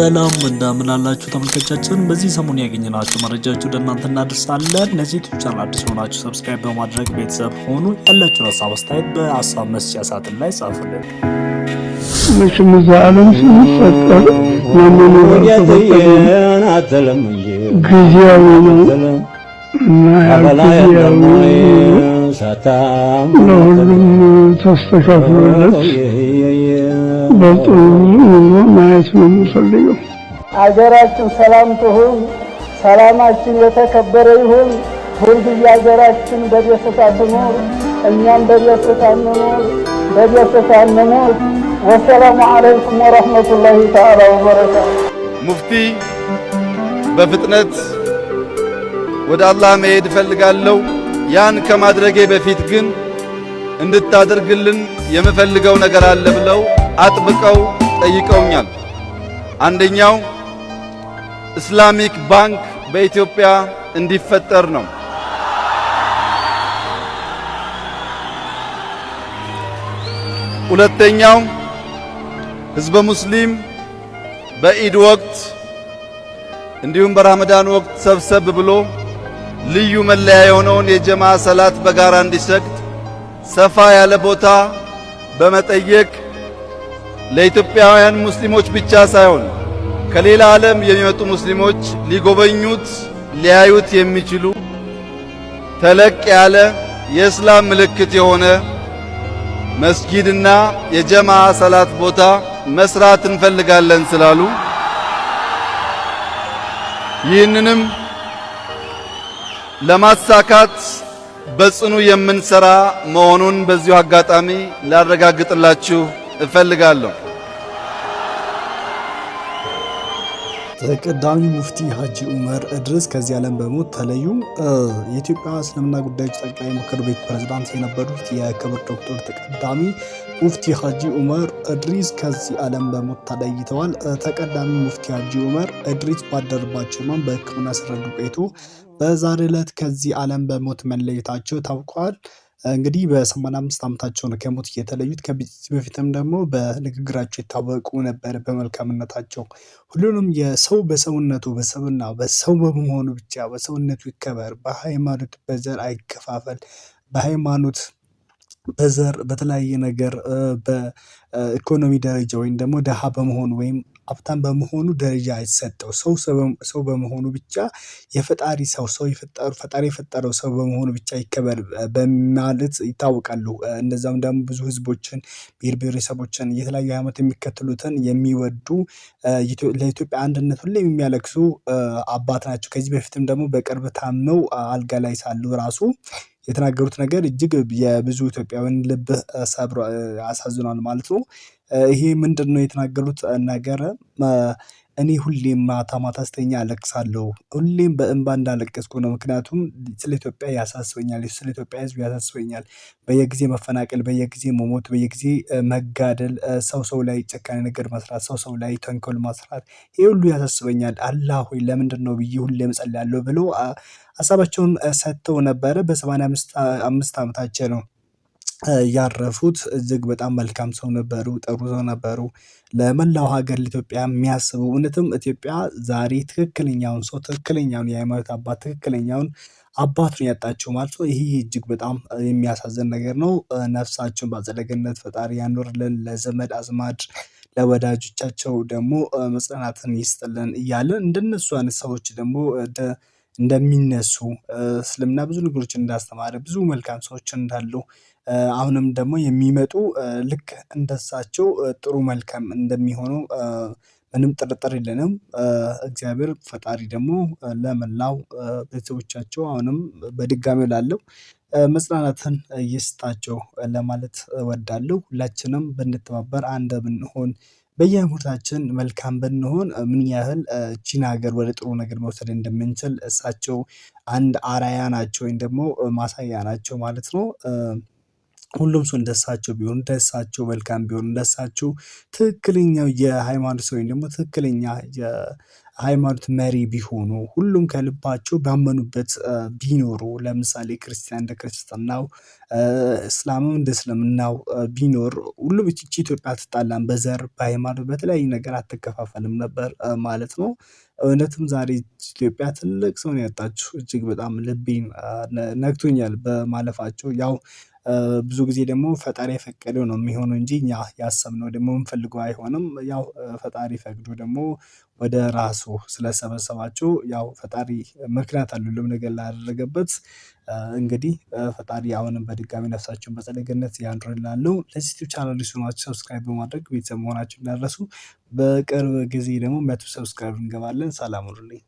ሰላም እንደምን አላችሁ ተመልካቾቻችን። በዚህ ሰሞን ያገኘናችሁ መረጃዎች ወደ እናንተ እናደርሳለን። ለዚህ ዩቲዩብ ቻናል አዲስ ሆናችሁ ሰብስክራይብ በማድረግ ቤተሰብ ሆኑ። ያላችሁ ሀሳብ አስተያየት በሀሳብ መስጫ ሳጥን ላይ ጻፉልን። መቼም እዛ ዓለም ስንፈጠር ጊዜያዊ ነው እና ያው ጊዜያዊ ለሁሉም ተስተካክሎለት በጥሩ ማየት ነው የምፈልገው። አገራችን ሰላም ትሁን፣ ሰላማችን የተከበረ ይሁን። ሁልጊዜ አገራችን በደስታ ትኖር፣ እኛም በደስታ እንኖር፣ በደስታ እንሞት። ወሰላሙ አለይኩም ወረሕመቱላሂ ተዓላ ወበረካቱ። ሙፍቲ በፍጥነት ወደ አላህ መሄድ እፈልጋለሁ። ያን ከማድረጌ በፊት ግን እንድታደርግልን የምፈልገው ነገር አለ ብለው አጥብቀው ጠይቀውኛል። አንደኛው ኢስላሚክ ባንክ በኢትዮጵያ እንዲፈጠር ነው። ሁለተኛው ህዝበ ሙስሊም በኢድ ወቅት እንዲሁም በራመዳን ወቅት ሰብሰብ ብሎ ልዩ መለያ የሆነውን የጀማ ሰላት በጋራ እንዲሰግድ ሰፋ ያለ ቦታ በመጠየቅ ለኢትዮጵያውያን ሙስሊሞች ብቻ ሳይሆን ከሌላ ዓለም የሚመጡ ሙስሊሞች ሊጎበኙት ሊያዩት የሚችሉ ተለቅ ያለ የእስላም ምልክት የሆነ መስጊድና የጀማ ሰላት ቦታ መስራት እንፈልጋለን ስላሉ ይህንንም ለማሳካት በጽኑ የምንሰራ መሆኑን በዚሁ አጋጣሚ ላረጋግጥላችሁ እፈልጋለሁ። ተቀዳሚ ሙፍቲ ሀጂ ኡመር እድሪስ ከዚህ ዓለም በሞት ተለዩ። የኢትዮጵያ እስልምና ጉዳዮች ጠቅላይ ምክር ቤት ፕሬዝዳንት የነበሩት የክብር ዶክተር ተቀዳሚ ሙፍቲ ሀጂ ኡመር እድሪስ ከዚህ ዓለም በሞት ተለይተዋል። ተቀዳሚ ሙፍቲ ሀጂ ኡመር እድሪስ ባደረባቸው ሕመም በሕክምና ሲረዱ ቆይቶ በዛሬ ዕለት ከዚህ ዓለም በሞት መለየታቸው ታውቋል። እንግዲህ በሰማንያ አምስት ዓመታቸው ነው ከሞት የተለዩት። ከዚህ በፊትም ደግሞ በንግግራቸው ይታወቁ ነበር በመልካምነታቸው። ሁሉንም የሰው በሰውነቱ በሰብና በሰው በመሆኑ ብቻ በሰውነቱ ይከበር፣ በሃይማኖት በዘር አይከፋፈል፣ በሃይማኖት በዘር በተለያየ ነገር በኢኮኖሚ ደረጃ ወይም ደግሞ ደሃ በመሆኑ ወይም ሀብታም በመሆኑ ደረጃ አይሰጠው ሰው ሰው በመሆኑ ብቻ የፈጣሪ ሰው ሰው የፈጠረው ፈጣሪ የፈጠረው ሰው በመሆኑ ብቻ ይከበር በማለት ይታወቃሉ። እንደዛም ደግሞ ብዙ ህዝቦችን ብሔር ብሔረሰቦችን፣ የተለያዩ ሃይማኖት የሚከተሉትን የሚወዱ ለኢትዮጵያ አንድነት ሁሌም የሚያለቅሱ አባት ናቸው። ከዚህ በፊትም ደግሞ በቅርብ ታመው አልጋ ላይ ሳሉ ራሱ የተናገሩት ነገር እጅግ የብዙ ኢትዮጵያውያን ልብ አሳዝኗል ማለት ነው። ይሄ ነው የተናገሩት ነገር እኔ ሁሌም ማታ ማታ ስተኛ አለቅሳለሁ ሁሌም በእንባ እንዳለቀስኩ ነው ምክንያቱም ስለ ኢትዮጵያ ያሳስበኛል ስለ ኢትዮጵያ ህዝብ ያሳስበኛል። በየጊዜ መፈናቀል በየጊዜ መሞት በየጊዜ መጋደል ሰው ሰው ላይ ጨካኔ ነገር መስራት ሰው ሰው ላይ ተንኮል መስራት ይህ ሁሉ ያሳስበኛል አላህ ሆይ ለምንድነው ብዬ ሁሌም እጸልያለሁ ብሎ ሀሳባቸውን ሰጥተው ነበረ በሰማንያ አምስት አምስት ነው ያረፉት እጅግ በጣም መልካም ሰው ነበሩ ጥሩ ሰው ነበሩ። ለመላው ሀገር ለኢትዮጵያ የሚያስቡ እውነትም ኢትዮጵያ ዛሬ ትክክለኛውን ሰው ትክክለኛውን የሃይማኖት አባት ትክክለኛውን አባቱን ያጣቸው ማለት ይህ እጅግ በጣም የሚያሳዝን ነገር ነው። ነፍሳቸውን በአጸደ ገነት ፈጣሪ ያኖርልን፣ ለዘመድ አዝማድ ለወዳጆቻቸው ደግሞ መጽናናትን ይስጥልን እያለን እንደነሱ አይነት ሰዎች ደግሞ እንደሚነሱ እስልምና ብዙ ነገሮችን እንዳስተማረ ብዙ መልካም ሰዎች እንዳሉ አሁንም ደግሞ የሚመጡ ልክ እንደሳቸው ጥሩ መልካም እንደሚሆኑ ምንም ጥርጥር የለንም። እግዚአብሔር ፈጣሪ ደግሞ ለመላው ቤተሰቦቻቸው አሁንም በድጋሚ ላለው መጽናናትን ይስጣቸው ለማለት ወዳለሁ ሁላችንም ብንተባበር አንድ ብንሆን በየሙታችን መልካም ብንሆን ምን ያህል ቺን ሀገር ወደ ጥሩ ነገር መውሰድ እንደምንችል እሳቸው አንድ አራያ ናቸው ወይም ደግሞ ማሳያ ናቸው ማለት ነው። ሁሉም ሰው እንደሳቸው ቢሆን እንደሳቸው መልካም ቢሆን እንደሳቸው ትክክለኛው የሃይማኖት ሰው ወይም ደግሞ ትክክለኛ ሃይማኖት መሪ ቢሆኑ ሁሉም ከልባቸው ባመኑበት ቢኖሩ ለምሳሌ ክርስቲያን እንደ ክርስትናው እስላምም እንደ እስልምናው ቢኖር ሁሉም ይቺ ኢትዮጵያ አትጣላም በዘር በሃይማኖት በተለያዩ ነገር አትከፋፈልም ነበር ማለት ነው። እውነትም ዛሬ ኢትዮጵያ ትልቅ ሰው ነው ያጣችው እጅግ በጣም ልቤን ነግቶኛል በማለፋቸው ያው ብዙ ጊዜ ደግሞ ፈጣሪ የፈቀደው ነው የሚሆነው እንጂ እኛ ያሰብነው ደግሞ የምንፈልገው አይሆንም። ያው ፈጣሪ ፈቅዶ ደግሞ ወደ ራሱ መጥታችሁ ስለሰበሰባችሁ ያው ፈጣሪ ምክንያት አለው ሁሉም ነገር ላደረገበት። እንግዲህ ፈጣሪ አሁንም በድጋሚ ነፍሳቸውን በጸደ ገነት ያኑርልን ለዚህ ዩቲዩብ ቻናል አዲስ ሰብስክራይብ በማድረግ ቤተሰብ መሆናችሁ እንዳትረሱ። በቅርብ ጊዜ ደግሞ መቶ ሰብስክራይብ እንገባለን። ሰላም ሁኑልኝ።